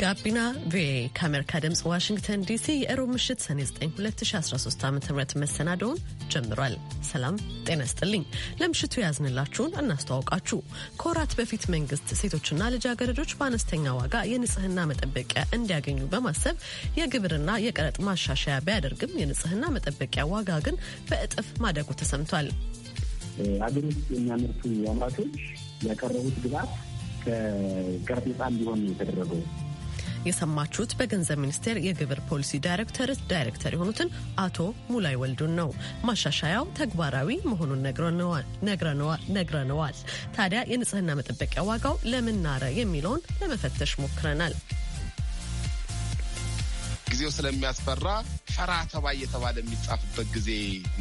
ጋቢና ቪኦኤ ከአሜሪካ ድምፅ ዋሽንግተን ዲሲ የእሮብ ምሽት ሰኔ 9 2013 ዓ ም መሰናደውን ጀምሯል። ሰላም ጤና ስጥልኝ። ለምሽቱ ያዝንላችሁን እናስተዋውቃችሁ። ከወራት በፊት መንግስት ሴቶችና ልጃገረዶች በአነስተኛ ዋጋ የንጽህና መጠበቂያ እንዲያገኙ በማሰብ የግብርና የቀረጥ ማሻሻያ ቢያደርግም የንጽህና መጠበቂያ ዋጋ ግን በእጥፍ ማደጉ ተሰምቷል። አገር ውስጥ የሚያመርቱ አምራቾች ያቀረቡት ግብዓት ከቀረጥ ነጻ እንዲሆን የተደረገው የሰማችሁት በገንዘብ ሚኒስቴር የግብር ፖሊሲ ዳይሬክተር ዳይሬክተር የሆኑትን አቶ ሙላይ ወልዱን ነው። ማሻሻያው ተግባራዊ መሆኑን ነግረነዋል። ታዲያ የንጽህና መጠበቂያ ዋጋው ለምናረ የሚለውን ለመፈተሽ ሞክረናል። ጊዜው ስለሚያስፈራ ፈራ ተባ እየተባለ የሚጻፍበት ጊዜ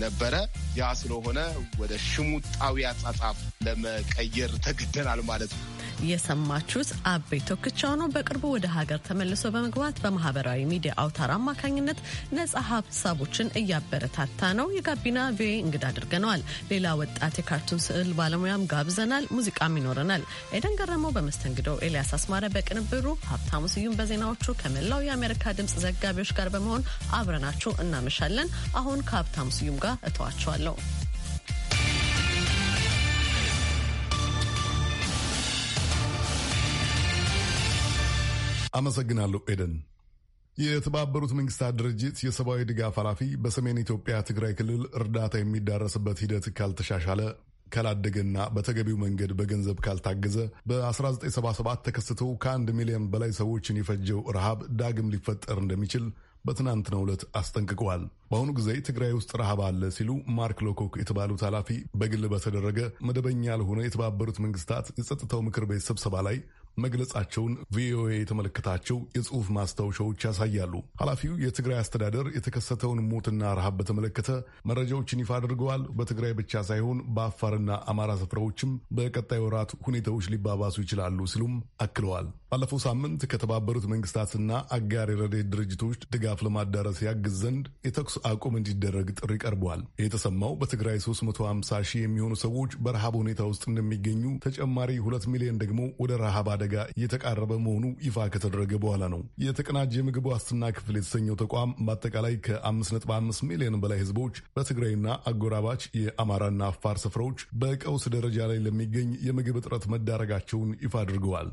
ነበረ። ያ ስለሆነ ወደ ሽሙጣዊ አጻጻፍ ለመቀየር ተገደናል ማለት ነው። የሰማችሁት አቤ ቶክቻው ነው። በቅርቡ ወደ ሀገር ተመልሶ በመግባት በማህበራዊ ሚዲያ አውታር አማካኝነት ነጻ ሀሳቦችን እያበረታታ ነው። የጋቢና ቪኦኤ እንግዳ አድርገነዋል። ሌላ ወጣት የካርቱን ስዕል ባለሙያም ጋብዘናል። ሙዚቃም ይኖረናል። ኤደን ገረመው በመስተንግዶ፣ ኤልያስ አስማረ በቅንብሩ፣ ሀብታሙ ስዩም በዜናዎቹ ከመላው የአሜሪካ ድምፅ ዘጋቢዎች ጋር በመሆን አብረናችሁ እናመሻለን። አሁን ከሀብታሙ ስዩም ጋር እተዋቸዋለሁ። አመሰግናለሁ ኤደን። የተባበሩት መንግስታት ድርጅት የሰብአዊ ድጋፍ ኃላፊ በሰሜን ኢትዮጵያ ትግራይ ክልል እርዳታ የሚዳረስበት ሂደት ካልተሻሻለ ካላደገና በተገቢው መንገድ በገንዘብ ካልታገዘ በ1977 ተከስቶ ከአንድ ሚሊዮን በላይ ሰዎችን የፈጀው ረሃብ ዳግም ሊፈጠር እንደሚችል በትናንትናው ዕለት አስጠንቅቀዋል። በአሁኑ ጊዜ ትግራይ ውስጥ ረሃብ አለ ሲሉ ማርክ ሎኮክ የተባሉት ኃላፊ በግል በተደረገ መደበኛ ያልሆነ የተባበሩት መንግስታት የጸጥታው ምክር ቤት ስብሰባ ላይ መግለጻቸውን ቪኦኤ የተመለከታቸው የጽሑፍ ማስታወሻዎች ያሳያሉ። ኃላፊው የትግራይ አስተዳደር የተከሰተውን ሞትና ረሃብ በተመለከተ መረጃዎችን ይፋ አድርገዋል። በትግራይ ብቻ ሳይሆን በአፋርና አማራ ስፍራዎችም በቀጣይ ወራት ሁኔታዎች ሊባባሱ ይችላሉ ሲሉም አክለዋል። ባለፈው ሳምንት ከተባበሩት መንግስታትና አጋር የረድኤት ድርጅቶች ድጋፍ ለማዳረስ ያግዝ ዘንድ የተኩስ አቁም እንዲደረግ ጥሪ ቀርቧል። የተሰማው በትግራይ 350 ሺህ የሚሆኑ ሰዎች በረሃብ ሁኔታ ውስጥ እንደሚገኙ፣ ተጨማሪ 2 ሚሊዮን ደግሞ ወደ ረሃብ አደ አደጋ እየተቃረበ መሆኑ ይፋ ከተደረገ በኋላ ነው። የተቀናጀ የምግብ ዋስትና ክፍል የተሰኘው ተቋም በአጠቃላይ ከ5.5 ሚሊዮን በላይ ህዝቦች በትግራይና አጎራባች የአማራና አፋር ስፍራዎች በቀውስ ደረጃ ላይ ለሚገኝ የምግብ እጥረት መዳረጋቸውን ይፋ አድርገዋል።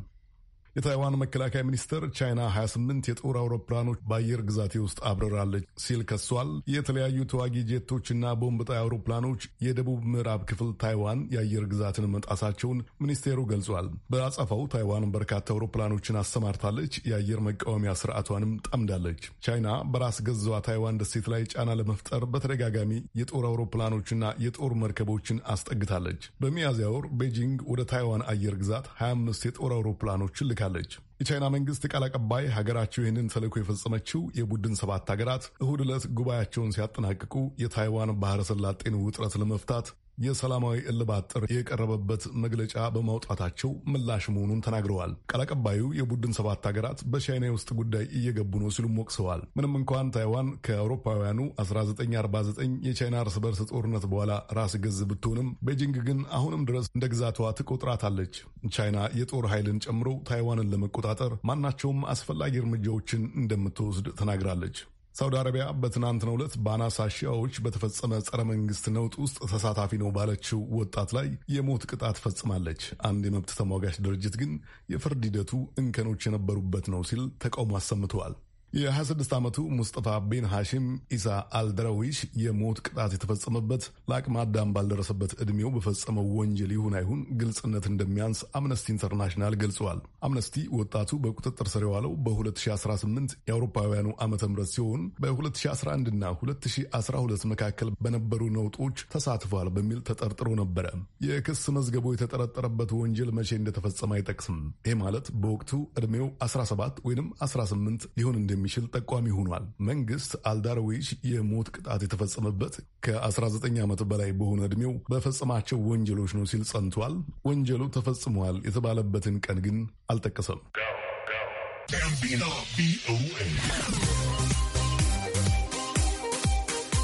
የታይዋን መከላከያ ሚኒስትር ቻይና 28 የጦር አውሮፕላኖች በአየር ግዛቴ ውስጥ አብረራለች ሲል ከሷል። የተለያዩ ተዋጊ ጄቶችና ቦምብ ጣይ አውሮፕላኖች የደቡብ ምዕራብ ክፍል ታይዋን የአየር ግዛትን መጣሳቸውን ሚኒስቴሩ ገልጿል። በአጸፋው ታይዋን በርካታ አውሮፕላኖችን አሰማርታለች፣ የአየር መቃወሚያ ስርዓቷንም ጠምዳለች። ቻይና በራስ ገዛዋ ታይዋን ደሴት ላይ ጫና ለመፍጠር በተደጋጋሚ የጦር አውሮፕላኖችና የጦር መርከቦችን አስጠግታለች። በሚያዝያ ወር ቤጂንግ ወደ ታይዋን አየር ግዛት 25 የጦር አውሮፕላኖችን ልካል አስታውቃለች። የቻይና መንግስት ቃል አቀባይ ሀገራቸው ይህንን ተልዕኮ የፈጸመችው የቡድን ሰባት ሀገራት እሁድ ዕለት ጉባኤያቸውን ሲያጠናቅቁ የታይዋን ባህረ ሰላጤን ውጥረት ለመፍታት የሰላማዊ እልባት ጥሪ የቀረበበት መግለጫ በማውጣታቸው ምላሽ መሆኑን ተናግረዋል። ቃል አቀባዩ የቡድን ሰባት ሀገራት በቻይና የውስጥ ጉዳይ እየገቡ ነው ሲሉም ወቅሰዋል። ምንም እንኳን ታይዋን ከአውሮፓውያኑ 1949 የቻይና እርስ በርስ ጦርነት በኋላ ራስ ገዝ ብትሆንም ቤጂንግ ግን አሁንም ድረስ እንደ ግዛቷ ትቆጥራታለች። ቻይና የጦር ኃይልን ጨምሮ ታይዋንን ለመቆጣጠር ማናቸውም አስፈላጊ እርምጃዎችን እንደምትወስድ ተናግራለች። ሳውዲ አረቢያ በትናንትናው ዕለት በአናሳ ሺያዎች በተፈጸመ ጸረ መንግስት ነውጥ ውስጥ ተሳታፊ ነው ባለችው ወጣት ላይ የሞት ቅጣት ፈጽማለች። አንድ የመብት ተሟጋች ድርጅት ግን የፍርድ ሂደቱ እንከኖች የነበሩበት ነው ሲል ተቃውሞ አሰምተዋል። የ26 ዓመቱ ሙስጠፋ ቤን ሐሽም ኢሳ አልደራዊሽ የሞት ቅጣት የተፈጸመበት ለአቅመ አዳም ባልደረሰበት ዕድሜው በፈጸመው ወንጀል ይሁን አይሁን ግልጽነት እንደሚያንስ አምነስቲ ኢንተርናሽናል ገልጸዋል። አምነስቲ ወጣቱ በቁጥጥር ስር የዋለው በ2018 የአውሮፓውያኑ ዓመተ ምህረት ሲሆን በ2011 እና 2012 መካከል በነበሩ ነውጦች ተሳትፏል በሚል ተጠርጥሮ ነበረ። የክስ መዝገቡ የተጠረጠረበት ወንጀል መቼ እንደተፈጸመ አይጠቅስም። ይህ ማለት በወቅቱ ዕድሜው 17 ወይም 18 ሊሆን እንደ የሚችል ጠቋሚ ሆኗል። መንግስት አልዳርዊሽ የሞት ቅጣት የተፈጸመበት ከ19 ዓመት በላይ በሆነ ዕድሜው በፈጸማቸው ወንጀሎች ነው ሲል ጸንቷል። ወንጀሉ ተፈጽሟል የተባለበትን ቀን ግን አልጠቀሰም።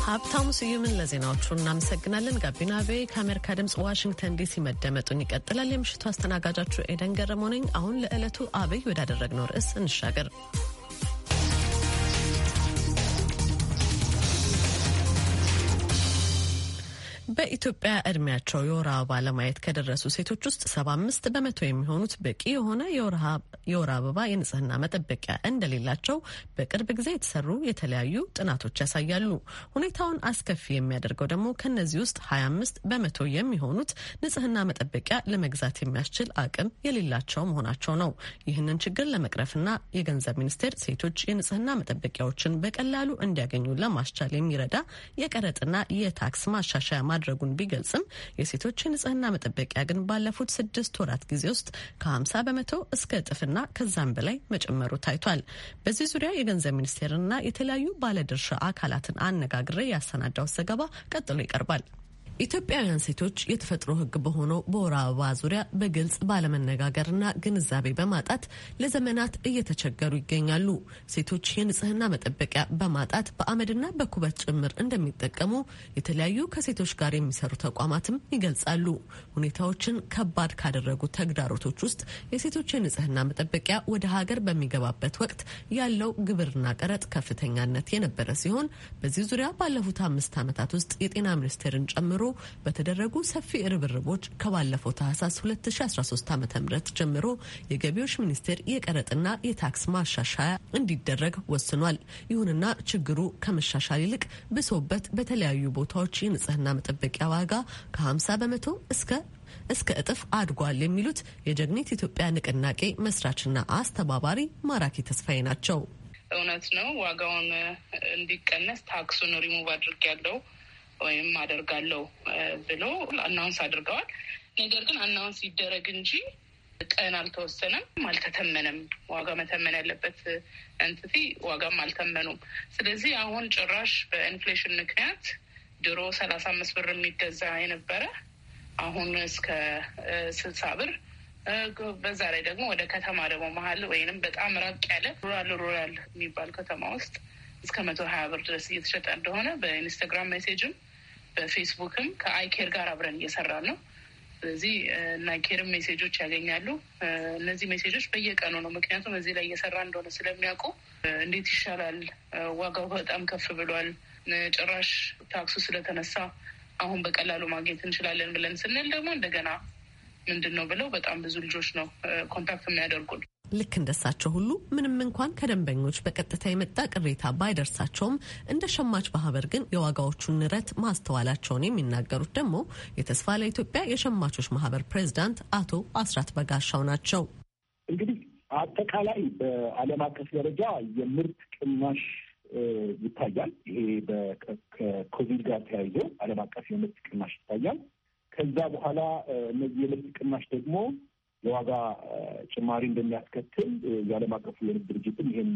ሀብታሙ ስዩምን ለዜናዎቹ እናመሰግናለን። ጋቢና ቤ ከአሜሪካ ድምፅ ዋሽንግተን ዲሲ መደመጡን ይቀጥላል። የምሽቱ አስተናጋጃችሁ ኤደን ገረመ አሁን ለዕለቱ አብይ ወዳደረግነው ርዕስ እንሻገር። በኢትዮጵያ እድሜያቸው የወር አበባ ለማየት ከደረሱ ሴቶች ውስጥ ሰባ አምስት በመቶ የሚሆኑት በቂ የሆነ የወር አበባ የንጽህና መጠበቂያ እንደሌላቸው በቅርብ ጊዜ የተሰሩ የተለያዩ ጥናቶች ያሳያሉ። ሁኔታውን አስከፊ የሚያደርገው ደግሞ ከነዚህ ውስጥ ሀያ አምስት በመቶ የሚሆኑት ንጽህና መጠበቂያ ለመግዛት የሚያስችል አቅም የሌላቸው መሆናቸው ነው። ይህንን ችግር ለመቅረፍና የገንዘብ ሚኒስቴር ሴቶች የንጽህና መጠበቂያዎችን በቀላሉ እንዲያገኙ ለማስቻል የሚረዳ የቀረጥና የታክስ ማሻሻያ ማድረግ ማድረጉን ቢገልጽም የሴቶች የንጽህና መጠበቂያ ግን ባለፉት ስድስት ወራት ጊዜ ውስጥ ከ50 በመቶ እስከ እጥፍና ከዛም በላይ መጨመሩ ታይቷል። በዚህ ዙሪያ የገንዘብ ሚኒስቴርንና የተለያዩ ባለድርሻ አካላትን አነጋግሬ ያሰናዳው ዘገባ ቀጥሎ ይቀርባል። ኢትዮጵያውያን ሴቶች የተፈጥሮ ሕግ በሆነው በወር አበባ ዙሪያ በግልጽ ባለመነጋገርና ግንዛቤ በማጣት ለዘመናት እየተቸገሩ ይገኛሉ። ሴቶች የንጽህና መጠበቂያ በማጣት በአመድና በኩበት ጭምር እንደሚጠቀሙ የተለያዩ ከሴቶች ጋር የሚሰሩ ተቋማትም ይገልጻሉ። ሁኔታዎችን ከባድ ካደረጉ ተግዳሮቶች ውስጥ የሴቶች የንጽህና መጠበቂያ ወደ ሀገር በሚገባበት ወቅት ያለው ግብርና ቀረጥ ከፍተኛነት የነበረ ሲሆን በዚህ ዙሪያ ባለፉት አምስት ዓመታት ውስጥ የጤና ሚኒስቴርን ጨምሮ በተደረጉ ሰፊ ርብርቦች ከባለፈው ታህሳስ 2013 ዓ ም ጀምሮ የገቢዎች ሚኒስቴር የቀረጥና የታክስ ማሻሻያ እንዲደረግ ወስኗል። ይሁንና ችግሩ ከመሻሻል ይልቅ ብሶበት በተለያዩ ቦታዎች የንጽህና መጠበቂያ ዋጋ ከ50 በመቶ እስከ እስከ እጥፍ አድጓል የሚሉት የጀግኒት ኢትዮጵያ ንቅናቄ መስራችና አስተባባሪ ማራኪ ተስፋዬ ናቸው። እውነት ነው። ዋጋውን እንዲቀነስ ታክሱን ሪሙቭ አድርግ ያለው ወይም አደርጋለሁ ብሎ አናውንስ አድርገዋል። ነገር ግን አናውንስ ይደረግ እንጂ ቀን አልተወሰነም፣ አልተተመነም። ዋጋ መተመን ያለበት እንትቲ ዋጋም አልተመኑም። ስለዚህ አሁን ጭራሽ በኢንፍሌሽን ምክንያት ድሮ ሰላሳ አምስት ብር የሚገዛ የነበረ አሁን እስከ ስልሳ ብር በዛ ላይ ደግሞ ወደ ከተማ ደግሞ መሀል ወይንም በጣም ራቅ ያለ ሩራል ሩራል የሚባል ከተማ ውስጥ እስከ መቶ ሀያ ብር ድረስ እየተሸጠ እንደሆነ በኢንስታግራም ሜሴጅም በፌስቡክም ከአይኬር ጋር አብረን እየሰራን ነው። ስለዚህ እና ኬርም ሜሴጆች ያገኛሉ። እነዚህ ሜሴጆች በየቀኑ ነው። ምክንያቱም እዚህ ላይ እየሰራ እንደሆነ ስለሚያውቁ እንዴት ይሻላል፣ ዋጋው በጣም ከፍ ብሏል፣ ጭራሽ ታክሱ ስለተነሳ አሁን በቀላሉ ማግኘት እንችላለን ብለን ስንል ደግሞ እንደገና ምንድን ነው ብለው በጣም ብዙ ልጆች ነው ኮንታክት የሚያደርጉን። ልክ እንደሳቸው ሁሉ ምንም እንኳን ከደንበኞች በቀጥታ የመጣ ቅሬታ ባይደርሳቸውም እንደ ሸማች ማህበር ግን የዋጋዎቹን ንረት ማስተዋላቸውን የሚናገሩት ደግሞ የተስፋ ለኢትዮጵያ የሸማቾች ማህበር ፕሬዚዳንት አቶ አስራት በጋሻው ናቸው። እንግዲህ አጠቃላይ በዓለም አቀፍ ደረጃ የምርት ቅናሽ ይታያል። ይሄ ከኮቪድ ጋር ተያይዞ ዓለም አቀፍ የምርት ቅናሽ ይታያል። ከዛ በኋላ እነዚህ የምርት ቅናሽ ደግሞ የዋጋ ጭማሪ እንደሚያስከትል የዓለም አቀፉ የንግድ ድርጅትም ይህን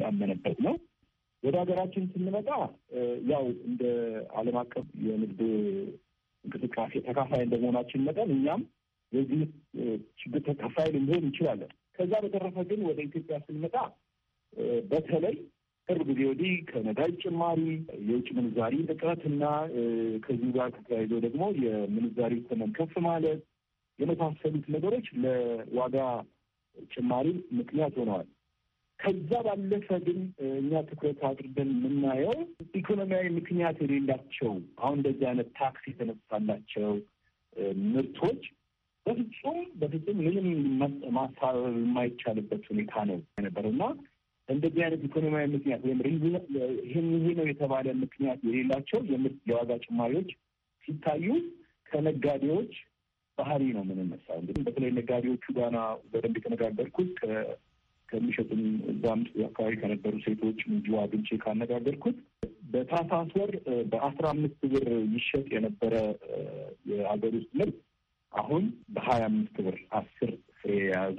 ያመነበት ነው። ወደ ሀገራችን ስንመጣ ያው እንደ ዓለም አቀፍ የንግድ እንቅስቃሴ ተካፋይ እንደመሆናችን መጠን እኛም የዚህ ችግር ተካፋይ ልንሆን እንችላለን። ከዛ በተረፈ ግን ወደ ኢትዮጵያ ስንመጣ በተለይ ቅርብ ጊዜ ወዲህ ከነዳጅ ጭማሪ፣ የውጭ ምንዛሪ እጥረትና ከዚሁ ጋር ተያይዞ ደግሞ የምንዛሪ ተመን ከፍ ማለት የመሳሰሉት ነገሮች ለዋጋ ጭማሪ ምክንያት ሆነዋል። ከዛ ባለፈ ግን እኛ ትኩረት አድርገን የምናየው ኢኮኖሚያዊ ምክንያት የሌላቸው አሁን እንደዚህ አይነት ታክስ የተነሳላቸው ምርቶች በፍጹም በፍጹም ምንም ማሳበብ የማይቻልበት ሁኔታ ነው የነበረው እና እንደዚህ አይነት ኢኮኖሚያዊ ምክንያት ወይም ይህን ይህ ነው የተባለ ምክንያት የሌላቸው የምርት የዋጋ ጭማሪዎች ሲታዩ ከነጋዴዎች ባህሪ ነው የምንነሳው። እንግዲህ በተለይ ነጋዴዎቹ ጋና በደንብ የተነጋገርኩት ከሚሸጡም እዛም አካባቢ ከነበሩ ሴቶች ምንጅ አግኝቼ ካነጋገርኩት በታህሳስ ወር በአስራ አምስት ብር ይሸጥ የነበረ የሀገር ውስጥ ምርት አሁን በሀያ አምስት ብር አስር ፍሬ የያዙ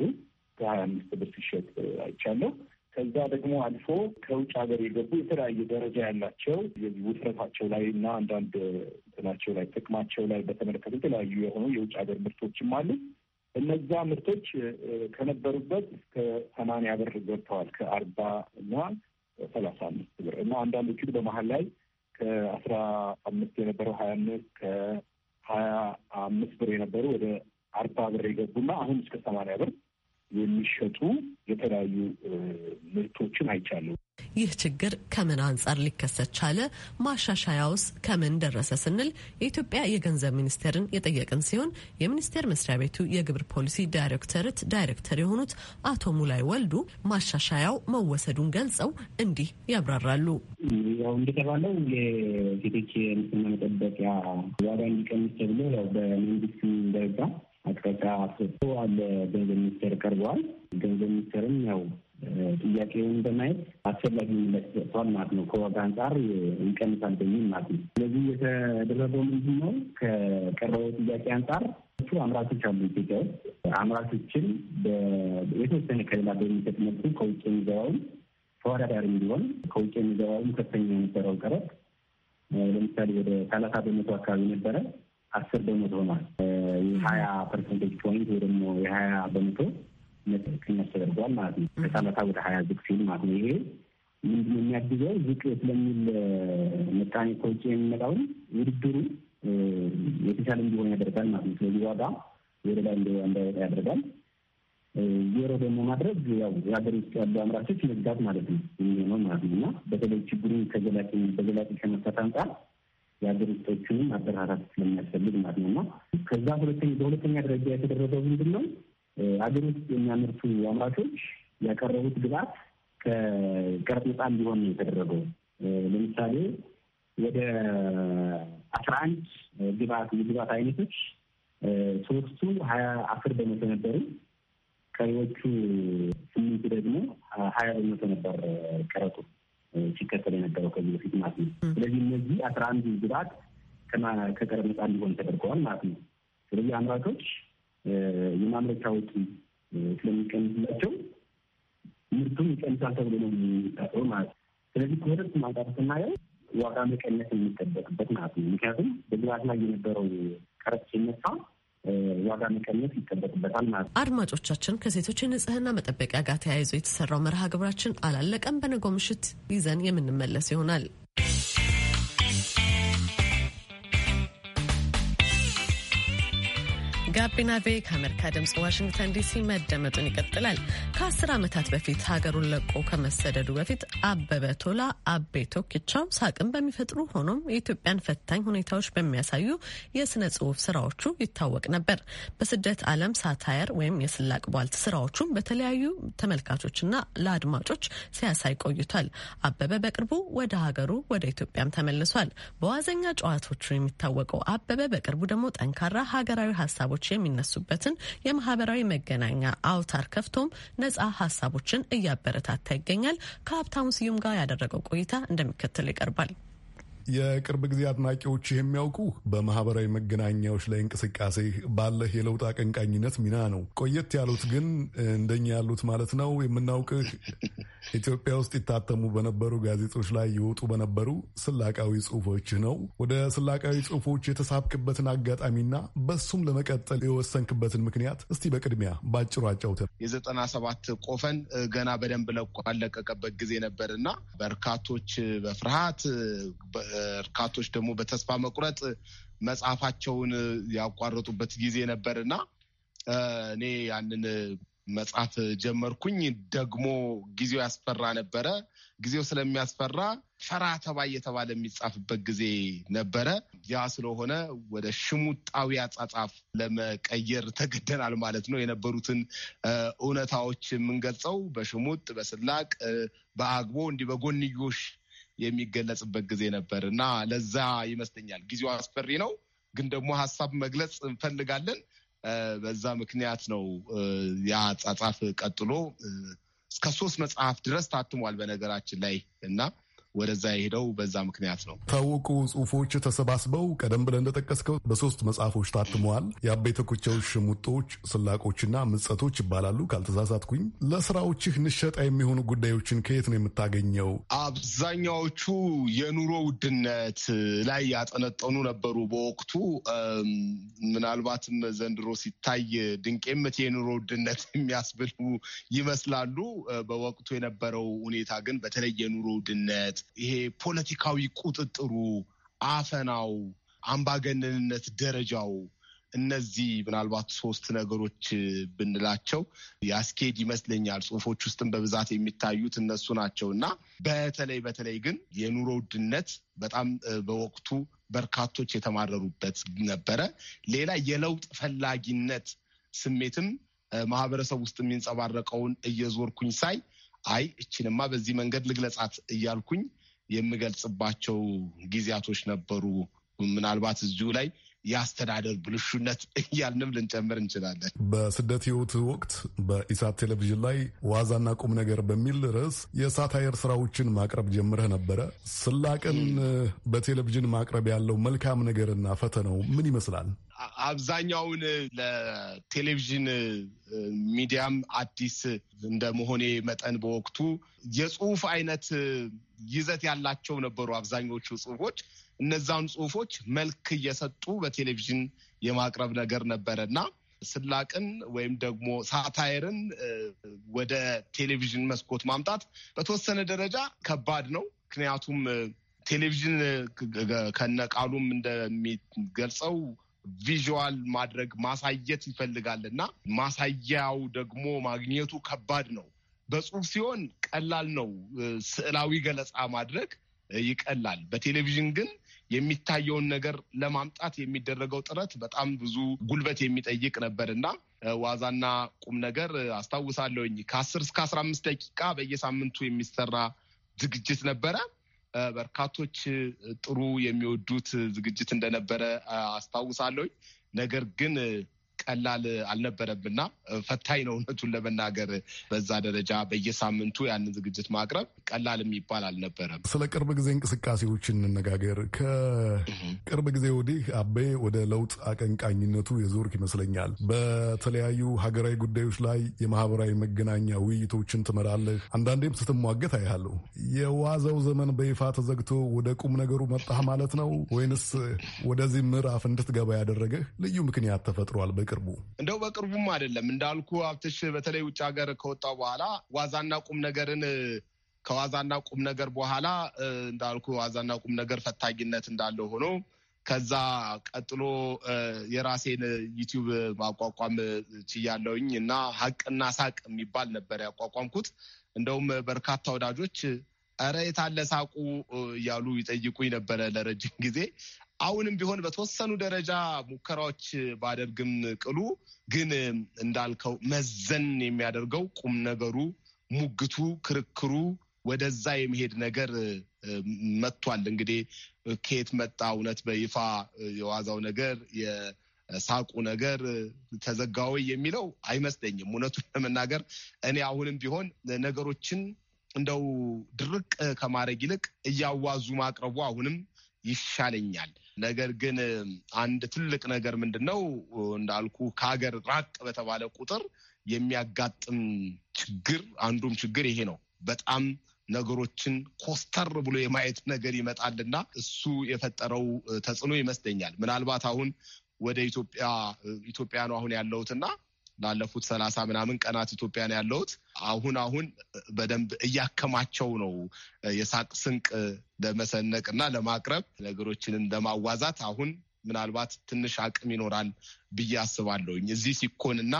ከሀያ አምስት ብር ሲሸጥ አይቻለሁ። ከዛ ደግሞ አልፎ ከውጭ ሀገር የገቡ የተለያየ ደረጃ ያላቸው የዚህ ውፍረታቸው ላይ እና አንዳንድ እንትናቸው ላይ ጥቅማቸው ላይ በተመለከተ የተለያዩ የሆኑ የውጭ ሀገር ምርቶችም አሉ። እነዛ ምርቶች ከነበሩበት እስከ ሰማንያ ብር ገብተዋል። ከአርባ እና ሰላሳ አምስት ብር እና አንዳንዶቹ በመሀል ላይ ከአስራ አምስት የነበረው ሀያ አምስት ከሀያ አምስት ብር የነበሩ ወደ አርባ ብር የገቡና አሁን እስከ ሰማንያ ብር የሚሸጡ የተለያዩ ምርቶችን አይቻለሁ። ይህ ችግር ከምን አንጻር ሊከሰት ቻለ? ማሻሻያውስ ከምን ደረሰ ስንል የኢትዮጵያ የገንዘብ ሚኒስቴርን የጠየቅን ሲሆን የሚኒስቴር መስሪያ ቤቱ የግብር ፖሊሲ ዳይሬክተርት ዳይሬክተር የሆኑት አቶ ሙላይ ወልዱ ማሻሻያው መወሰዱን ገልጸው እንዲህ ያብራራሉ። ያው እንደተባለው የሴቶች የንጽህና መጠበቂያ ዋጋ እንዲቀንስ ተብሎ ያው በመንግስት ደረጃ አቅጣጫ ሰጥቶ ለገንዘብ ሚኒስቴር ቀርበዋል። ገንዘብ ሚኒስቴርም ያው ጥያቄውን በማየት አስፈላጊ ሰጥቷል ማለት ነው። ከዋጋ አንጻር ይቀንሳል በሚል ማለት ነው። ስለዚህ የተደረገው ምንድን ነው? ከቀረበው ጥያቄ አንጻር ቹ አምራቾች አሉ ኢትዮጵያ ውስጥ አምራቾችን የተወሰነ ከሌላ በሚሰጥ መልኩ ከውጭ የሚገባውም ተወዳዳሪ እንዲሆን ከውጭ የሚገባውም ከፍተኛ የነበረው ቀረጥ ለምሳሌ ወደ ሰላሳ በመቶ አካባቢ ነበረ አስር በመቶ ሆኗል። የሀያ ፐርሰንቴጅ ፖይንት ወይ ደግሞ የሀያ በመቶ ቅናሽ ተደርጓል ማለት ነው። ከሰላሳ ወደ ሀያ ዝቅ ሲል ማለት ነው። ይሄ ምንድነው የሚያግዘው ዝቅ ስለሚል ምጣኔ ከውጭ የሚመጣውን ውድድሩ የተሻለ እንዲሆን ያደርጋል ማለት ነው። ስለዚህ ዋጋ ወደ ላይ እንዳይወጣ ያደርጋል። ዜሮ ደግሞ ማድረግ ያው የሀገር ውስጥ ያሉ አምራቾች መግዛት ማለት ነው የሚሆነው ማለት ነው እና በተለይ ችግሩን ከዘላቂ በዘላቂ ከመፍታት አንጻር የአደሪቶቹንም አበረታታት ስለሚያስፈልግ ማለት ነው እና ከዛ ሁለተኛ በሁለተኛ ደረጃ የተደረገው ምንድን ነው አገር ውስጥ የሚያመርቱ አምራቾች ያቀረቡት ግብአት ከቀረጥ ነጻ እንዲሆን የተደረገው። ለምሳሌ ወደ አስራ አንድ ግብአት የግብአት አይነቶች ሶስቱ ሀያ አስር በመቶ ነበሩ። ቀሪዎቹ ስምንቱ ደግሞ ሀያ በመቶ ነበር ቀረጡ። ሲከተል የነበረው ከዚህ በፊት ማለት ነው። ስለዚህ እነዚህ አስራ አንዱ ግብአት ከቀረጥ ነጻ እንዲሆን ተደርገዋል ማለት ነው። ስለዚህ አምራቾች የማምረቻ ወጪ ስለሚቀንስላቸው ምርቱም ይቀንሳል ተብሎ ነው የሚታሰበው ማለት ነው። ስለዚህ ከሁለቱ አንጻር ስናየው ዋጋ መቀነስ የሚጠበቅበት ማለት ነው። ምክንያቱም በግብአት ላይ የነበረው ቀረጥ ሲነሳ ዋጋ መቀነስ ይጠበቅበታል ማለት ነው። አድማጮቻችን፣ ከሴቶች የንጽህና መጠበቂያ ጋር ተያይዞ የተሰራው መርሃ ግብራችን አላለቀም። በነገው ምሽት ይዘን የምንመለስ ይሆናል። ጋቢና ቬ ከአሜሪካ ድምፅ ዋሽንግተን ዲሲ መደመጡን ይቀጥላል። ከአስር ዓመታት በፊት ሀገሩን ለቆ ከመሰደዱ በፊት አበበ ቶላ አቤ ቶኪቻው ሳቅን በሚፈጥሩ ሆኖም የኢትዮጵያን ፈታኝ ሁኔታዎች በሚያሳዩ የስነ ጽሁፍ ስራዎቹ ይታወቅ ነበር። በስደት ዓለም ሳታየር ወይም የስላቅ ቧልት ስራዎቹ በተለያዩ ተመልካቾችና ለአድማጮች ሲያሳይ ቆይቷል። አበበ በቅርቡ ወደ ሀገሩ ወደ ኢትዮጵያም ተመልሷል። በዋዘኛ ጨዋታዎቹ የሚታወቀው አበበ በቅርቡ ደግሞ ጠንካራ ሀገራዊ ሀሳቦች ሀሳቦች የሚነሱበትን የማህበራዊ መገናኛ አውታር ከፍቶም ነጻ ሀሳቦችን እያበረታታ ይገኛል። ከሀብታሙ ስዩም ጋር ያደረገው ቆይታ እንደሚከተል ይቀርባል። የቅርብ ጊዜ አድናቂዎች የሚያውቁ በማህበራዊ መገናኛዎች ላይ እንቅስቃሴ ባለህ የለውጥ አቀንቃኝነት ሚና ነው። ቆየት ያሉት ግን እንደኛ ያሉት ማለት ነው የምናውቅህ ኢትዮጵያ ውስጥ ይታተሙ በነበሩ ጋዜጦች ላይ ይወጡ በነበሩ ስላቃዊ ጽሁፎችህ ነው። ወደ ስላቃዊ ጽሁፎች የተሳብክበትን አጋጣሚና በሱም ለመቀጠል የወሰንክበትን ምክንያት እስቲ በቅድሚያ በአጭሩ አጫውተን። የዘጠና ሰባት ቆፈን ገና በደንብ ለቆ አለቀቀበት ጊዜ ነበርና በርካቶች በፍርሃት እርካቶች ደግሞ በተስፋ መቁረጥ መጽሐፋቸውን ያቋረጡበት ጊዜ ነበር እና እኔ ያንን መጽሐፍ ጀመርኩኝ። ደግሞ ጊዜው ያስፈራ ነበረ። ጊዜው ስለሚያስፈራ ፈራ ተባ እየተባለ የሚጻፍበት ጊዜ ነበረ። ያ ስለሆነ ወደ ሽሙጣዊ አጻጻፍ ለመቀየር ተገደናል ማለት ነው። የነበሩትን እውነታዎች የምንገልጸው በሽሙጥ፣ በስላቅ፣ በአግቦ እንዲህ በጎንዮሽ የሚገለጽበት ጊዜ ነበር እና ለዛ ይመስለኛል ጊዜው አስፈሪ ነው፣ ግን ደግሞ ሀሳብ መግለጽ እንፈልጋለን። በዛ ምክንያት ነው ያ ጻጻፍ ቀጥሎ እስከ ሶስት መጽሐፍ ድረስ ታትሟል በነገራችን ላይ እና ወደዛ የሄደው በዛ ምክንያት ነው። ታወቁ ጽሁፎች ተሰባስበው ቀደም ብለህ እንደጠቀስከው በሶስት መጽሐፎች ታትመዋል። የአቤ ተኮቻዎች ሽሙጦች፣ ስላቆችና ምጸቶች ይባላሉ ካልተሳሳትኩኝ። ለስራዎችህ ንሸጣ የሚሆኑ ጉዳዮችን ከየት ነው የምታገኘው? አብዛኛዎቹ የኑሮ ውድነት ላይ ያጠነጠኑ ነበሩ በወቅቱ ምናልባትም ዘንድሮ ሲታይ ድንቄምት የኑሮ ውድነት የሚያስብሉ ይመስላሉ። በወቅቱ የነበረው ሁኔታ ግን በተለይ የኑሮ ውድነት ይሄ ፖለቲካዊ ቁጥጥሩ፣ አፈናው፣ አምባገነንነት ደረጃው እነዚህ ምናልባት ሶስት ነገሮች ብንላቸው ያስኬድ ይመስለኛል። ጽሁፎች ውስጥም በብዛት የሚታዩት እነሱ ናቸው እና በተለይ በተለይ ግን የኑሮ ውድነት በጣም በወቅቱ በርካቶች የተማረሩበት ነበረ። ሌላ የለውጥ ፈላጊነት ስሜትም ማህበረሰብ ውስጥ የሚንጸባረቀውን እየዞርኩኝ ሳይ አይ እችንማ በዚህ መንገድ ልግለጻት እያልኩኝ የምገልጽባቸው ጊዜያቶች ነበሩ። ምናልባት እዚሁ ላይ የአስተዳደር ብልሹነት እያልንም ልንጨምር እንችላለን። በስደት ህይወት ወቅት በኢሳት ቴሌቪዥን ላይ ዋዛና ቁም ነገር በሚል ርዕስ የሳታየር ስራዎችን ማቅረብ ጀምረህ ነበረ። ስላቅን በቴሌቪዥን ማቅረብ ያለው መልካም ነገርና ፈተናው ምን ይመስላል? አብዛኛውን ለቴሌቪዥን ሚዲያም አዲስ እንደ መሆኔ መጠን በወቅቱ የጽሁፍ አይነት ይዘት ያላቸው ነበሩ አብዛኞቹ ጽሁፎች። እነዛን ጽሁፎች መልክ እየሰጡ በቴሌቪዥን የማቅረብ ነገር ነበረ እና ስላቅን ወይም ደግሞ ሳታይርን ወደ ቴሌቪዥን መስኮት ማምጣት በተወሰነ ደረጃ ከባድ ነው። ምክንያቱም ቴሌቪዥን ከነቃሉም እንደሚገልጸው ቪዥዋል ማድረግ ማሳየት ይፈልጋል እና ማሳያው ደግሞ ማግኘቱ ከባድ ነው። በጽሁፍ ሲሆን ቀላል ነው። ስዕላዊ ገለጻ ማድረግ ይቀላል። በቴሌቪዥን ግን የሚታየውን ነገር ለማምጣት የሚደረገው ጥረት በጣም ብዙ ጉልበት የሚጠይቅ ነበር እና ዋዛና ቁም ነገር አስታውሳለሁኝ ከአስር እስከ አስራ አምስት ደቂቃ በየሳምንቱ የሚሰራ ዝግጅት ነበረ። በርካቶች ጥሩ የሚወዱት ዝግጅት እንደነበረ አስታውሳለሁ። ነገር ግን ቀላል አልነበረም እና ፈታኝ ነው። እውነቱን ለመናገር በዛ ደረጃ በየሳምንቱ ያንን ዝግጅት ማቅረብ ቀላል የሚባል አልነበረም። ስለ ቅርብ ጊዜ እንቅስቃሴዎች እንነጋገር። ከቅርብ ጊዜ ወዲህ አቤ ወደ ለውጥ አቀንቃኝነቱ የዞርክ ይመስለኛል። በተለያዩ ሀገራዊ ጉዳዮች ላይ የማህበራዊ መገናኛ ውይይቶችን ትመራለህ፣ አንዳንዴም ስትሟገት አያለሁ። የዋዛው ዘመን በይፋ ተዘግቶ ወደ ቁም ነገሩ መጣህ ማለት ነው ወይንስ ወደዚህ ምዕራፍ እንድትገባ ያደረገህ ልዩ ምክንያት ተፈጥሯል? በቅርቡ እንደው በቅርቡም አይደለም እንዳልኩ ሀብትሽ በተለይ ውጭ ሀገር ከወጣው በኋላ ዋዛና ቁም ነገርን ከዋዛና ቁም ነገር በኋላ እንዳልኩ ዋዛና ቁም ነገር ፈታኝነት እንዳለው ሆኖ ከዛ ቀጥሎ የራሴን ዩቲዩብ ማቋቋም ችያለውኝ እና ሀቅና ሳቅ የሚባል ነበር ያቋቋምኩት። እንደውም በርካታ ወዳጆች ኧረ የታለ ሳቁ እያሉ ይጠይቁኝ ነበረ ለረጅም ጊዜ። አሁንም ቢሆን በተወሰኑ ደረጃ ሙከራዎች ባደርግም ቅሉ ግን እንዳልከው መዘን የሚያደርገው ቁም ነገሩ፣ ሙግቱ፣ ክርክሩ ወደዛ የመሄድ ነገር መጥቷል። እንግዲህ ከየት መጣ? እውነት በይፋ የዋዛው ነገር የሳቁ ነገር ተዘጋዊ የሚለው አይመስለኝም። እውነቱን ለመናገር እኔ አሁንም ቢሆን ነገሮችን እንደው ድርቅ ከማድረግ ይልቅ እያዋዙ ማቅረቡ አሁንም ይሻለኛል። ነገር ግን አንድ ትልቅ ነገር ምንድን ነው እንዳልኩ ከሀገር ራቅ በተባለ ቁጥር የሚያጋጥም ችግር አንዱም ችግር ይሄ ነው። በጣም ነገሮችን ኮስተር ብሎ የማየት ነገር ይመጣልና እሱ የፈጠረው ተጽዕኖ ይመስለኛል። ምናልባት አሁን ወደ ኢትዮጵያ ኢትዮጵያ ነው አሁን ያለሁትና ላለፉት ሰላሳ ምናምን ቀናት ኢትዮጵያ ነው ያለሁት አሁን አሁን በደንብ እያከማቸው ነው። የሳቅ ስንቅ ለመሰነቅ እና ለማቅረብ ነገሮችንን ለማዋዛት አሁን ምናልባት ትንሽ አቅም ይኖራል ብዬ አስባለሁኝ። እዚህ ሲኮን እና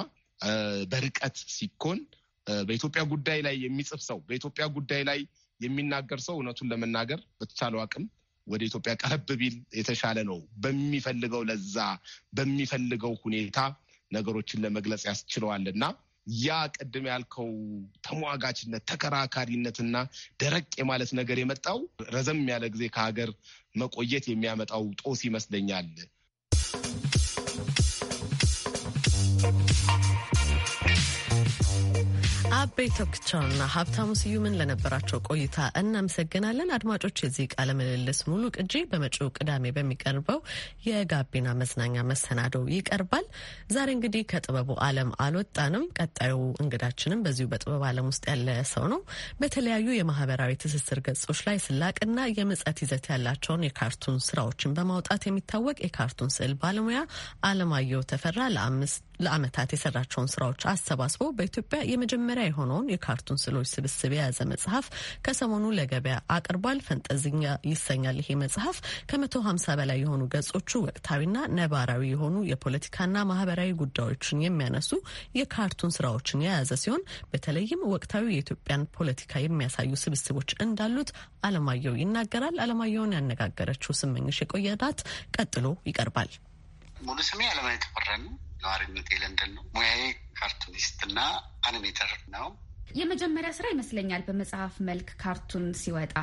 በርቀት ሲኮን በኢትዮጵያ ጉዳይ ላይ የሚጽፍ ሰው በኢትዮጵያ ጉዳይ ላይ የሚናገር ሰው እውነቱን ለመናገር በተቻለው አቅም ወደ ኢትዮጵያ ቀረብ ቢል የተሻለ ነው። በሚፈልገው ለዛ በሚፈልገው ሁኔታ ነገሮችን ለመግለጽ ያስችለዋል እና ያ ቅድም ያልከው ተሟጋችነት፣ ተከራካሪነትና ደረቅ የማለት ነገር የመጣው ረዘም ያለ ጊዜ ከሀገር መቆየት የሚያመጣው ጦስ ይመስለኛል። አቤ ሀብታሙ ስዩምን ለነበራቸው ቆይታ እናመሰግናለን። አድማጮች የዚህ ቃለ ምልልስ ሙሉ ቅጂ በመጪው ቅዳሜ በሚቀርበው የጋቢና መዝናኛ መሰናዶው ይቀርባል። ዛሬ እንግዲህ ከጥበቡ ዓለም አልወጣንም። ቀጣዩ እንግዳችንም በዚሁ በጥበብ ዓለም ውስጥ ያለ ሰው ነው። በተለያዩ የማህበራዊ ትስስር ገጾች ላይ ስላቅና የምጸት ይዘት ያላቸውን የካርቱን ስራዎችን በማውጣት የሚታወቅ የካርቱን ስዕል ባለሙያ አለማየሁ ተፈራ ለአምስት ለአመታት የሰራቸውን ስራዎች አሰባስቦ በኢትዮጵያ የመጀመሪያ የሆነውን የካርቱን ስዕሎች ስብስብ የያዘ መጽሐፍ ከሰሞኑ ለገበያ አቅርቧል። ፈንጠዝኛ ይሰኛል። ይሄ መጽሐፍ ከመቶ ሀምሳ በላይ የሆኑ ገጾቹ ወቅታዊና ነባራዊ የሆኑ የፖለቲካና ማህበራዊ ጉዳዮችን የሚያነሱ የካርቱን ስራዎችን የያዘ ሲሆን በተለይም ወቅታዊ የኢትዮጵያን ፖለቲካ የሚያሳዩ ስብስቦች እንዳሉት አለማየሁ ይናገራል። አለማየሁን ያነጋገረችው ስመኝሽ የቆየዳት ቀጥሎ ይቀርባል። ሙሉ ስሜ አለማየሁ ተፈራ ነው። ነዋሪነት የለንደን ነው። ሙያዬ ካርቱኒስት እና አኒሜተር ነው። የመጀመሪያ ስራ ይመስለኛል በመጽሐፍ መልክ ካርቱን ሲወጣ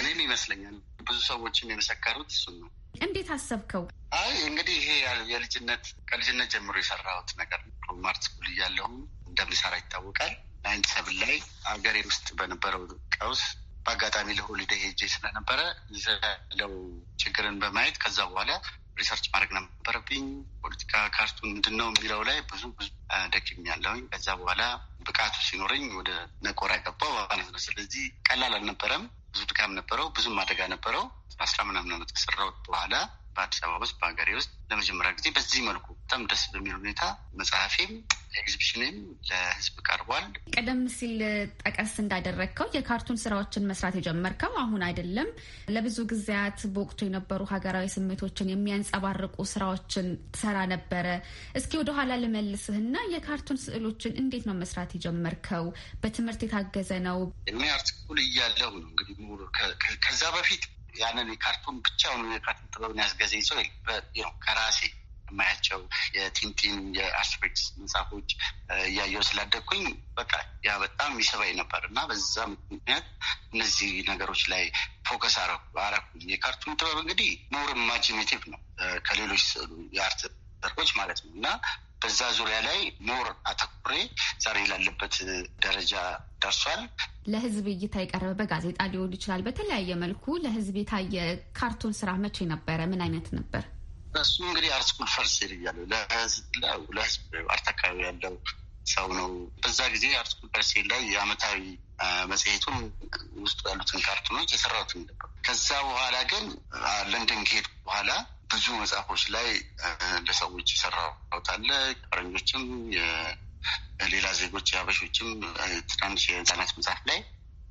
እኔም ይመስለኛል ብዙ ሰዎችም የመሰከሩት እሱ ነው። እንዴት አሰብከው? አይ እንግዲህ ይሄ የልጅነት ከልጅነት ጀምሮ የሰራሁት ነገር ማርት ስኩል እያለሁም እንደምሰራ ይታወቃል። ናይን ሰብን ላይ ሀገሬ ውስጥ በነበረው ቀውስ በአጋጣሚ ለሆሊዴ ሄጄ ስለነበረ ይዘለው ችግርን በማየት ከዛ በኋላ ሪሰርች ማድረግ ነበረብኝ። ፖለቲካ ካርቱን ምንድን ነው የሚለው ላይ ብዙ ብዙ ደክም ያለውኝ። ከዛ በኋላ ብቃቱ ሲኖረኝ ወደ ነቆራ ገባሁ ማለት ነው። ስለዚህ ቀላል አልነበረም። ብዙ ድካም ነበረው፣ ብዙም አደጋ ነበረው። አስራ ምናምን ዓመት ከሰራሁት በኋላ በአዲስ አበባ ውስጥ በሀገሬ ውስጥ ለመጀመሪያ ጊዜ በዚህ መልኩ በጣም ደስ በሚል ሁኔታ መጽሐፌም ኤግዚቢሽንም ለህዝብ ቀርቧል። ቀደም ሲል ጠቀስ እንዳደረግከው የካርቱን ስራዎችን መስራት የጀመርከው አሁን አይደለም። ለብዙ ጊዜያት በወቅቱ የነበሩ ሀገራዊ ስሜቶችን የሚያንጸባርቁ ስራዎችን ትሰራ ነበረ። እስኪ ወደኋላ ልመልስህና የካርቱን ስዕሎችን እንዴት ነው መስራት የጀመርከው? በትምህርት የታገዘ ነው? እኔ አርት እያለሁ ነው እንግዲህ ከዛ በፊት ያንን የካርቱን ብቻውን የካርቱን ጥበብን ያስገዘኝ ሰው ከራሴ የማያቸው የቲንቲን የአስትሪክስ መጽሐፎች እያየው ስላደግኩኝ በቃ ያ በጣም ይስበኝ ነበር እና በዛ ምክንያት እነዚህ ነገሮች ላይ ፎከስ አረኩኝ። የካርቱን ጥበብ እንግዲህ ሞር ኢማጂኔቲቭ ነው ከሌሎች የአርት ዘርፎች ማለት ነው እና በዛ ዙሪያ ላይ ሞር አተኩሬ ዛሬ ላለበት ደረጃ ደርሷል። ለህዝብ እይታ የቀረበ በጋዜጣ ሊሆን ይችላል። በተለያየ መልኩ ለህዝብ የታየ ካርቱን ስራ መቼ ነበረ? ምን አይነት ነበር? እሱ እንግዲህ አርትስኩል ፈርስ እያለሁ ለህዝብ አርት አካባቢ ያለው ሰው ነው። በዛ ጊዜ አርትኩል ፈርስ ላይ የአመታዊ መጽሔቱን ውስጡ ያሉትን ካርቱኖች የሰራሁትን ነበር። ከዛ በኋላ ግን ለንደን ከሄድኩ በኋላ ብዙ መጽሐፎች ላይ ለሰዎች የሰራሁት አለ። ቀረኞችም፣ ሌላ ዜጎች የሀበሾችም ትናንሽ የህፃናት መጽሐፍ ላይ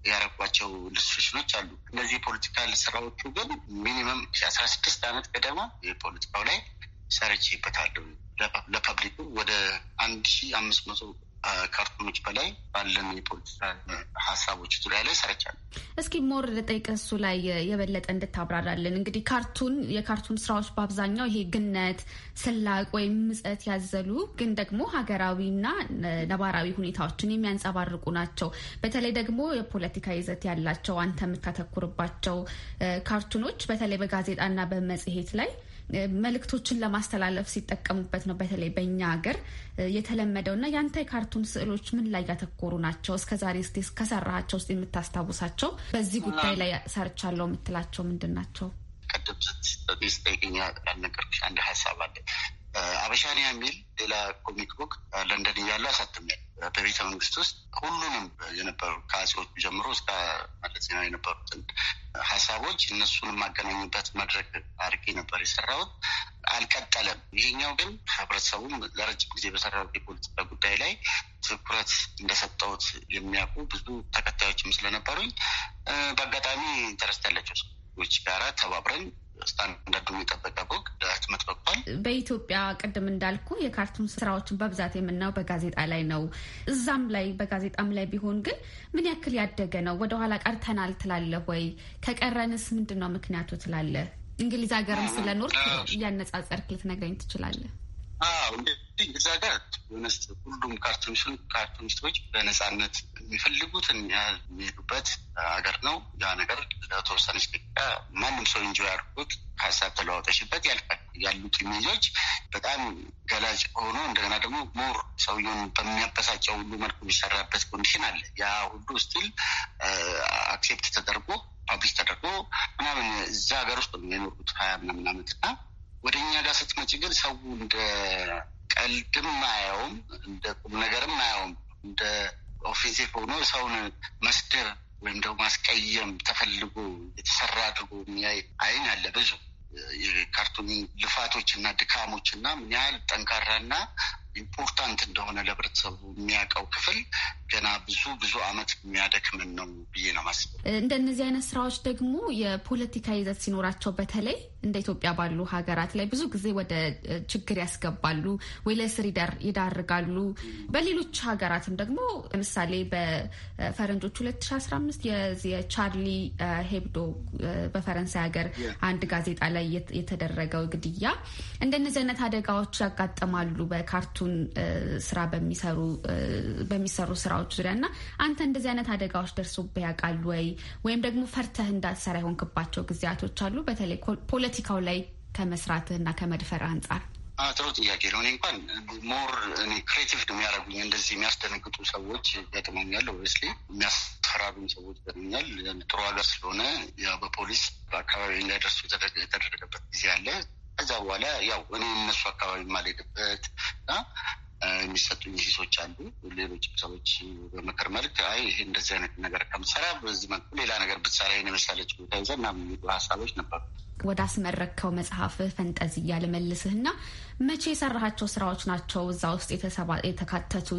ያረጓቸው ኢሉስትሬሽኖች አሉ። እነዚህ የፖለቲካ ስራዎቹ ግን ሚኒመም አስራ ስድስት አመት ገደማ የፖለቲካው ላይ ሰርቼበታለሁ። ለፐብሊኩ ወደ አንድ ሺ አምስት መቶ ካርቱኖች በላይ ባለን የፖለቲካ ሀሳቦች ዙሪያ ላይ ሰርቻለሁ። እስኪ ሞር ልጠይቅ እሱ ላይ የበለጠ እንድታብራራለን። እንግዲህ ካርቱን የካርቱን ስራዎች በአብዛኛው ይሄ ግነት፣ ስላቅ ወይም ምጸት ያዘሉ ግን ደግሞ ሀገራዊና ነባራዊ ሁኔታዎችን የሚያንጸባርቁ ናቸው። በተለይ ደግሞ የፖለቲካ ይዘት ያላቸው አንተ የምታተኩርባቸው ካርቱኖች በተለይ በጋዜጣና በመጽሔት ላይ መልእክቶችን ለማስተላለፍ ሲጠቀሙበት ነው። በተለይ በእኛ ሀገር የተለመደው እና የአንተ የካርቱን ስዕሎች ምን ላይ ያተኮሩ ናቸው? እስከ ዛሬ ስ ከሰራሃቸው ውስጥ የምታስታውሳቸው በዚህ ጉዳይ ላይ ሰርቻለሁ የምትላቸው ምንድን ናቸው? ቅድም ስት ያልነገርኩሽ አንድ ሀሳብ አለ አበሻኒያ የሚል ሌላ ኮሚክ ቡክ ለንደን እያለ አሳትሜያለሁ። በቤተ መንግስት ውስጥ ሁሉንም የነበሩ ከአጼዎቹ ጀምሮ እስከ መለስ ዜናዊ የነበሩትን ሀሳቦች እነሱን የማገናኙበት መድረክ አድርጌ ነበር የሰራሁት። አልቀጠለም። ይሄኛው ግን ህብረተሰቡም ለረጅም ጊዜ በሰራ የፖለቲካ ጉዳይ ላይ ትኩረት እንደሰጠሁት የሚያውቁ ብዙ ተከታዮችም ስለነበሩኝ በአጋጣሚ ኢንተረስት ያላቸው ሰዎች ጋራ ተባብረን ስታንዳርዱ የጠበቀ ቦግ ህትመት በቅቷል። በኢትዮጵያ ቅድም እንዳልኩ የካርቱን ስራዎችን በብዛት የምናየው በጋዜጣ ላይ ነው። እዛም ላይ በጋዜጣም ላይ ቢሆን ግን ምን ያክል ያደገ ነው? ወደኋላ ቀርተናል ትላለህ ወይ? ከቀረንስ ምንድን ነው ምክንያቱ ትላለህ? እንግሊዝ ሀገርም ስለኖር እያነጻጸርክ ልትነግረኝ ትችላለህ? እንግዲህ እዛ ጋር ሆነስ ሁሉም ካርቱኒስቶች ካርቱኒስቶች በነፃነት የሚፈልጉትን ያህል የሚሄዱበት ሀገር ነው። ያ ነገር ለተወሰነች ደቂቃ ማንም ሰው እንጂ ያድርጉት ሀሳብ ተለዋወጠሽበት ያልፋል። ያሉት ኢሜጆች በጣም ገላጭ ሆኖ እንደገና ደግሞ ሞር ሰውየውን በሚያበሳጨው ሁሉ መልኩ የሚሰራበት ኮንዲሽን አለ። ያ ሁሉ ስቲል አክሴፕት ተደርጎ ፓብሊሽ ተደርጎ ምናምን እዛ ሀገር ውስጥ ነው የኖሩት ሀያ ምናምን አመት እና ወደ እኛ ጋር ስትመጪ ግን ሰው እንደ ቀልድም አያውም፣ እንደ ቁም ነገርም አያውም። እንደ ኦፌንሲቭ ሆኖ ሰውን መስደር ወይም ደግሞ ማስቀየም ተፈልጎ የተሰራ አድርጎ የሚያይ አይን አለ ብዙ የካርቱን ልፋቶች እና ድካሞች እና ምን ያህል ጠንካራና ኢምፖርታንት እንደሆነ ለህብረተሰቡ የሚያውቀው ክፍል ገና ብዙ ብዙ አመት የሚያደክምን ነው ብዬ ነው ማስበው። እንደነዚህ አይነት ስራዎች ደግሞ የፖለቲካ ይዘት ሲኖራቸው በተለይ እንደ ኢትዮጵያ ባሉ ሀገራት ላይ ብዙ ጊዜ ወደ ችግር ያስገባሉ ወይ ለእስር ይዳርጋሉ። በሌሎች ሀገራትም ደግሞ ለምሳሌ በፈረንጆች 2015 የቻርሊ ሄብዶ በፈረንሳይ ሀገር አንድ ጋዜጣ ላይ የተደረገው ግድያ እንደነዚህ አይነት አደጋዎች ያጋጠማሉ በካርቱ የመብቱን ስራ በሚሰሩ ስራዎች ዙሪያ እና አንተ እንደዚህ አይነት አደጋዎች ደርሶብህ ያውቃል ወይ? ወይም ደግሞ ፈርተህ እንዳትሰራ የሆንክባቸው ጊዜያቶች አሉ? በተለይ ፖለቲካው ላይ ከመስራትህ እና ከመድፈር አንጻር። ጥሩ ጥያቄ ነው። እኔ እንኳን ሞር እኔ ክሬቲቭ ነው የሚያደርጉኝ እንደዚህ የሚያስደነግጡ ሰዎች ገጥመኛል። ኦብስሊ የሚያስፈራሩኝ ሰዎች ገጥመኛል። ጥሩ ሀገር ስለሆነ በፖሊስ በአካባቢ እንዳይደርሱ የተደረገበት ጊዜ አለ። ከዛ በኋላ ያው እኔ እነሱ አካባቢ ማልሄድበት እና የሚሰጡኝ ሂሶች አሉ። ሌሎች ሰዎች በምክር መልክ አይ ይህ እንደዚህ አይነት ነገር ከምሰራ በዚህ መልኩ ሌላ ነገር ብትሰራ ይሄን የመሰለች ቦታ ይዘ እና የሚሉ ሀሳቦች ነበሩ። ወደ አስመረከው መጽሐፍ ፈንጠዝያ ልመልስህ እና መቼ የሰራሃቸው ስራዎች ናቸው እዛ ውስጥ የተካተቱ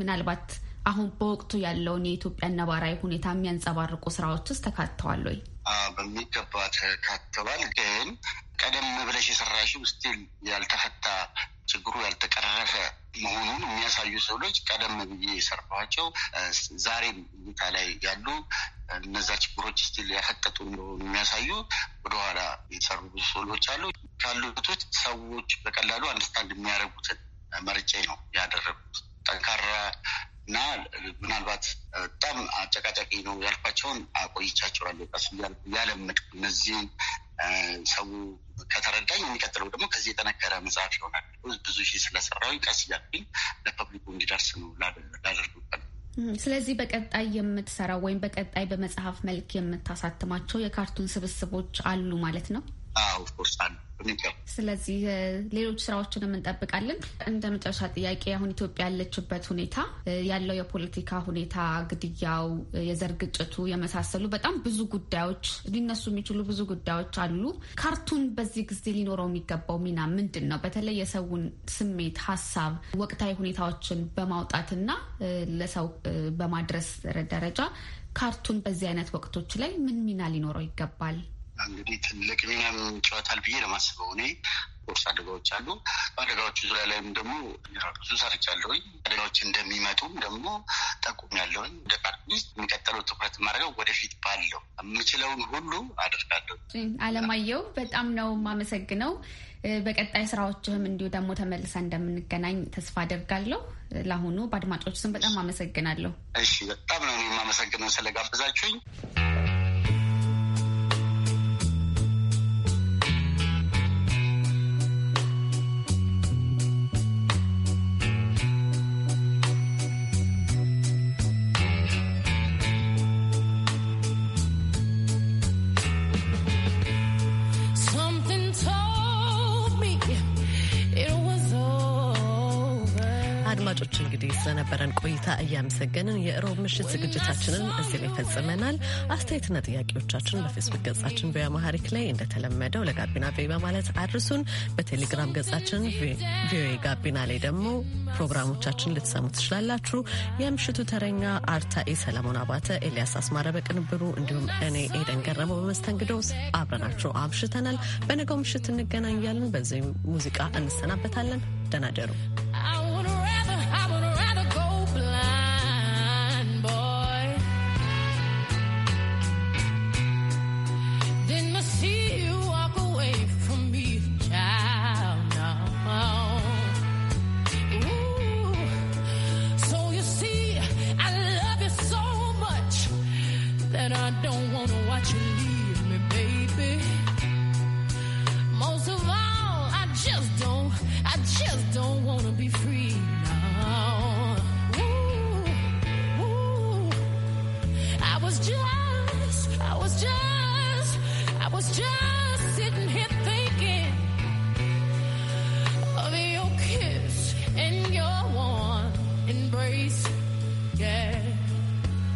ምናልባት አሁን በወቅቱ ያለውን የኢትዮጵያ ነባራዊ ሁኔታ የሚያንጸባርቁ ስራዎች ውስጥ ተካተዋል ወይ? በሚገባ ተካተዋል ግን ቀደም ብለሽ የሰራሽው ስቲል ያልተፈታ ችግሩ ያልተቀረፈ መሆኑን የሚያሳዩ ሰብሎች ቀደም ብዬ የሰራኋቸው ዛሬም ሁኔታ ላይ ያሉ እነዛ ችግሮች ስቲል ያፈጠጡ እንደሆኑ የሚያሳዩ ወደኋላ የተሰሩ ብዙ ሰብሎች አሉ። ካሉት ውስጥ ሰዎች በቀላሉ አንድስታንድ የሚያደርጉትን መርጬ ነው ያደረጉት ጠንካራ እና ምናልባት በጣም አጨቃጫቂ ነው ያልኳቸውን አቆይቻቸዋለሁ። ቀስ ያለምድ እነዚህም ሰው ከተረዳኝ የሚቀጥለው ደግሞ ከዚህ የጠነከረ መጽሐፍ ይሆናል። ብዙ ሺ ስለሰራው ቀስ እያልኩኝ ለፐብሊኩ እንዲደርስ ነው ላደርጉበት። ስለዚህ በቀጣይ የምትሰራው ወይም በቀጣይ በመጽሐፍ መልክ የምታሳትማቸው የካርቱን ስብስቦች አሉ ማለት ነው? ኦፍኮርስ አሉ። ስለዚህ ሌሎች ስራዎችንም እንጠብቃለን። እንደ መጨረሻ ጥያቄ አሁን ኢትዮጵያ ያለችበት ሁኔታ ያለው የፖለቲካ ሁኔታ፣ ግድያው፣ የዘር ግጭቱ የመሳሰሉ በጣም ብዙ ጉዳዮች ሊነሱ የሚችሉ ብዙ ጉዳዮች አሉ። ካርቱን በዚህ ጊዜ ሊኖረው የሚገባው ሚና ምንድን ነው? በተለይ የሰውን ስሜት፣ ሀሳብ፣ ወቅታዊ ሁኔታዎችን በማውጣትና ለሰው በማድረስ ደረጃ ካርቱን በዚህ አይነት ወቅቶች ላይ ምን ሚና ሊኖረው ይገባል? እንግዲህ ትልቅ ሚናም ጨዋታል ብዬ ለማስበው እኔ ሶስት አደጋዎች አሉ። በአደጋዎቹ ዙሪያ ላይም ደግሞ ብዙ ሰርቻለሁኝ። አደጋዎች እንደሚመጡም ደግሞ ጠቁም ያለውኝ እንደ ፓርቲስት የሚቀጥለው ትኩረት ማድረገው ወደፊት ባለው የምችለውን ሁሉ አድርጋለሁ። አለማየሁ በጣም ነው የማመሰግነው። በቀጣይ ስራዎችህም እንዲሁ ደግሞ ተመልሳ እንደምንገናኝ ተስፋ አደርጋለሁ። ለአሁኑ በአድማጮች ስም በጣም አመሰግናለሁ። እሺ፣ በጣም ነው የማመሰግነው ስለጋብዛችሁኝ። እያመሰገንን የእሮብ ምሽት ዝግጅታችንን እዚህ ላይ ፈጽመናል። አስተያየትና ጥያቄዎቻችን በፌስቡክ ገጻችን በያማሃሪክ ላይ እንደተለመደው ለጋቢና ቪ በማለት አድርሱን። በቴሌግራም ገጻችን ቪኦኤ ጋቢና ላይ ደግሞ ፕሮግራሞቻችን ልትሰሙ ትችላላችሁ። የምሽቱ ተረኛ አርታኢ ሰለሞን አባተ፣ ኤልያስ አስማረ በቅንብሩ እንዲሁም እኔ ኤደን ገረመው በመስተንግዶ አብረናችሁ አምሽተናል። በነገው ምሽት እንገናኛለን። በዚህ ሙዚቃ እንሰናበታለን። ደናደሩ